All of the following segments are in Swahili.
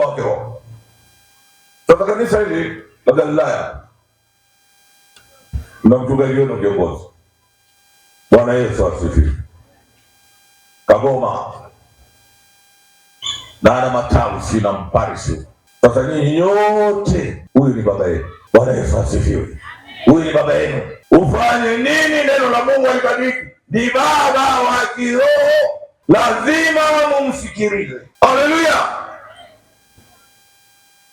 baba wa kiroho. Sasa kanisa hili labda Ulaya na mchungaji wenu kiongozi, Bwana Yesu asifiwe, Kagoma na ana matawi na mparisi. Sasa nyinyi nyote, huyu ni baba yenu. Bwana Yesu asifiwe, huyu ni baba yenu. Ufanye nini? Neno la Mungu alibadiliki, ni baba wa kiroho, lazima mumsikilize. Haleluya!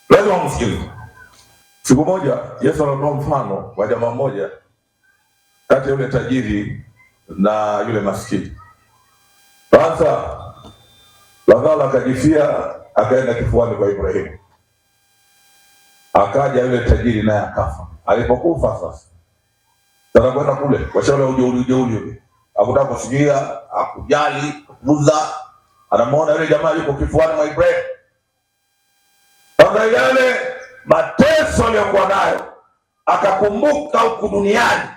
lazima msikilize. Siku moja Yesu anatoa mfano wa jamaa mmoja kati ya yule tajiri na yule maskini. Sasa Lazaro akajifia akaenda kifuani kwa Ibrahimu, akaja yule tajiri naye akafa. Alipokufa sasa kwenda kule washauri uje uje uje, akutaka kusikia, akujali, kuuza, anamwona yule jamaa yuko kifuani mwa Ibrahimu namna yale mateso aliyokuwa nayo, akakumbuka huku duniani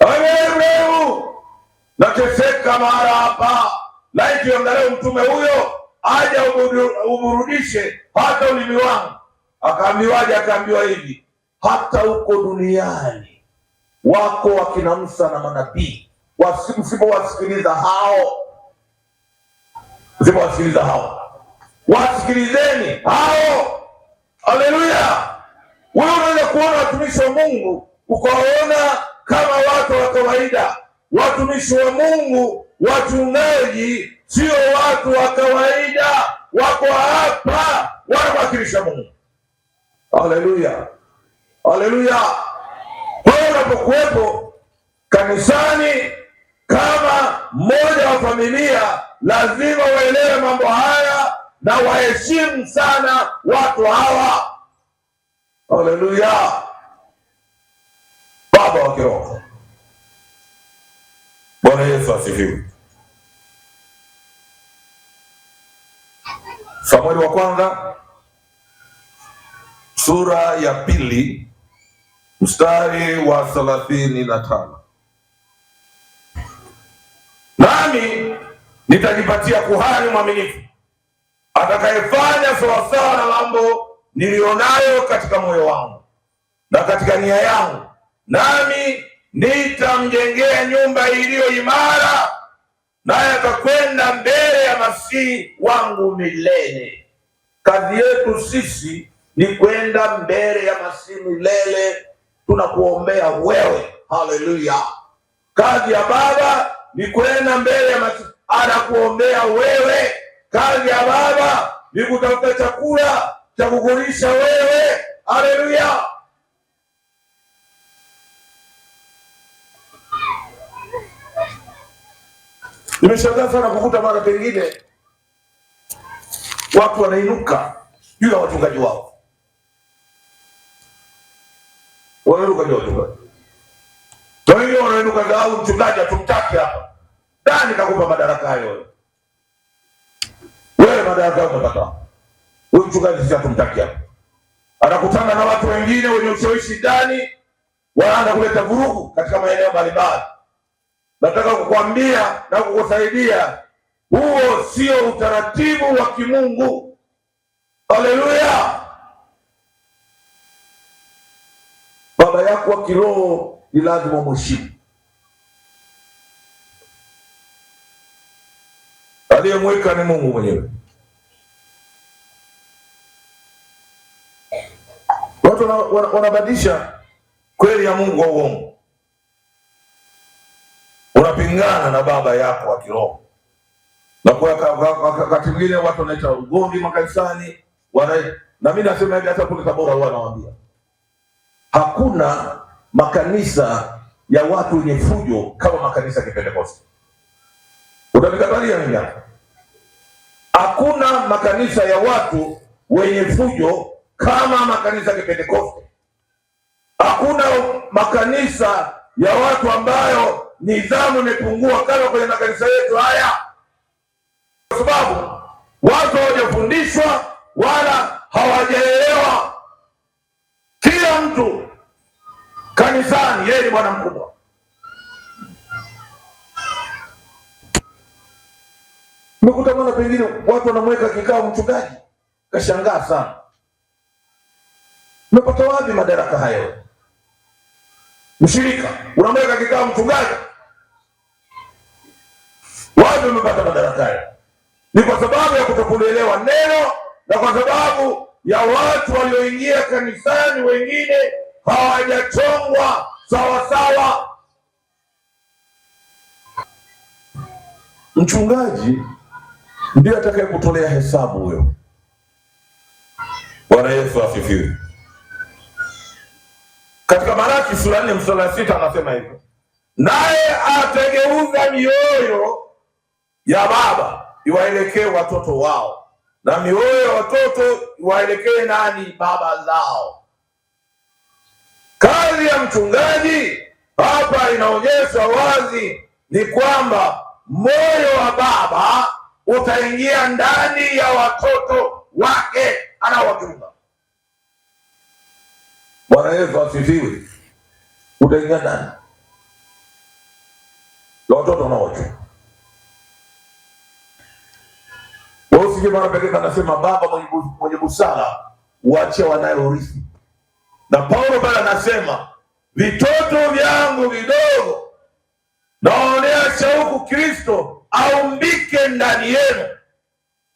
aeu nateseka mahara hapa, laiti angalau mtume huyo aja umurudishe hata ulimi wangu. Akaambiwaje? Akaambiwa hivi, hata huko duniani wako wakina Musa na manabii, wasipowasikiliza hao Sema wasikiliza hao, wasikilizeni hao. Haleluya! Wewe unaweza kuona watumishi wa Mungu ukawaona kama watu wa kawaida. Watumishi wa Mungu, wachungaji, sio watu wa kawaida, wako hapa wanamwakilisha Mungu. Haleluya, haleluya. Kwa hiyo unapokuwepo kanisani kama mmoja wa familia lazima waelewe mambo haya na waheshimu sana watu hawa. Haleluya, baba wa kiroho. Bwana Yesu asifiwe. Samueli wa kwanza sura ya pili mstari wa thelathini na tano nami nitajipatia kuhani mwaminifu atakayefanya sawasawa na mambo niliyonayo katika moyo wangu na katika nia yangu, nami nitamjengea nyumba iliyo imara, naye atakwenda mbele ya masihi wangu milele. Kazi yetu sisi ni kwenda mbele ya masihi milele. Tunakuombea wewe, haleluya. Kazi ya Baba ni kwenda mbele ya masihi anakuombea wewe. Kazi ya Baba ni kutafuta chakula cha kukulisha wewe. Haleluya! Nimeshangaa sana kukuta mara pengine watu wanainuka juu ya wachungaji wao, wanainuka juu ya wachungaji. wanainuka dau, mchungaji hatumtaki hapa nani kakupa madaraka hayo? Wewe madaraka hayo umekataa. Huyu mchungaji sisi hatumtaki hapa. Anakutana na watu wengine wenye ushawishi ndani, wanaanza kuleta vurugu katika maeneo mbalimbali. Nataka kukwambia na kukusaidia, huo sio utaratibu wa kimungu. Haleluya! Baba yako wa kiroho ni lazima mheshimu. aliyemweka ni Mungu mwenyewe. Watu wanabadilisha kweli ya Mungu wa uongo, unapingana na baba yako wa kiroho na kwa wakati mwingine watu wanaita ugomvi makanisani, wana na mimi nasema hivi, hata kule Tabora huwa nawaambia hakuna makanisa ya watu wenye fujo kama makanisa ya Kipentekoste. Utamikatalia mimi hapa hakuna makanisa ya watu wenye fujo kama makanisa ya Kipentekoste. Hakuna makanisa ya watu ambayo nidhamu imepungua kama kwenye makanisa yetu haya, kwa sababu watu hawajafundishwa wala hawajaelewa. Kila mtu kanisani yeye ni bwana mkubwa. mekuta mwana pengine watu wanamweka kikao mchungaji, kashangaa sana. Umepata wapi madaraka hayo? Mshirika unamweka kikao mchungaji, wapi umepata madaraka hayo? Ni kwa sababu ya kutokuelewa neno na kwa sababu ya watu walioingia kanisani, wengine hawajachongwa sawasawa. Mchungaji ndiyo atakaye kutolea hesabu huyo. Bwana Yesu asifiwe. Katika Malaki sura nne mstari sita anasema hivyo, naye ategeuza mioyo ya baba iwaelekee watoto wao na mioyo ya watoto iwaelekee nani? Baba zao. Kazi ya mchungaji hapa inaonyesha wazi ni kwamba moyo wa baba utaingia ndani ya watoto wake anaowachunga. Bwana Yesu asifiwe. Utaingia ndani ya watoto anaowachunga. Wasije mara pekee anasema baba mwenye busara waachia wanayorithi, na Paulo pale anasema vitoto vyangu vidogo naonea shauku Kristo ndani yenu.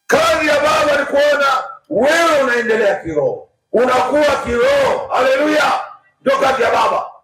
Kazi ya Baba ni kuona wewe unaendelea kiroho, unakuwa kiroho. Haleluya, ndio kazi ya Baba.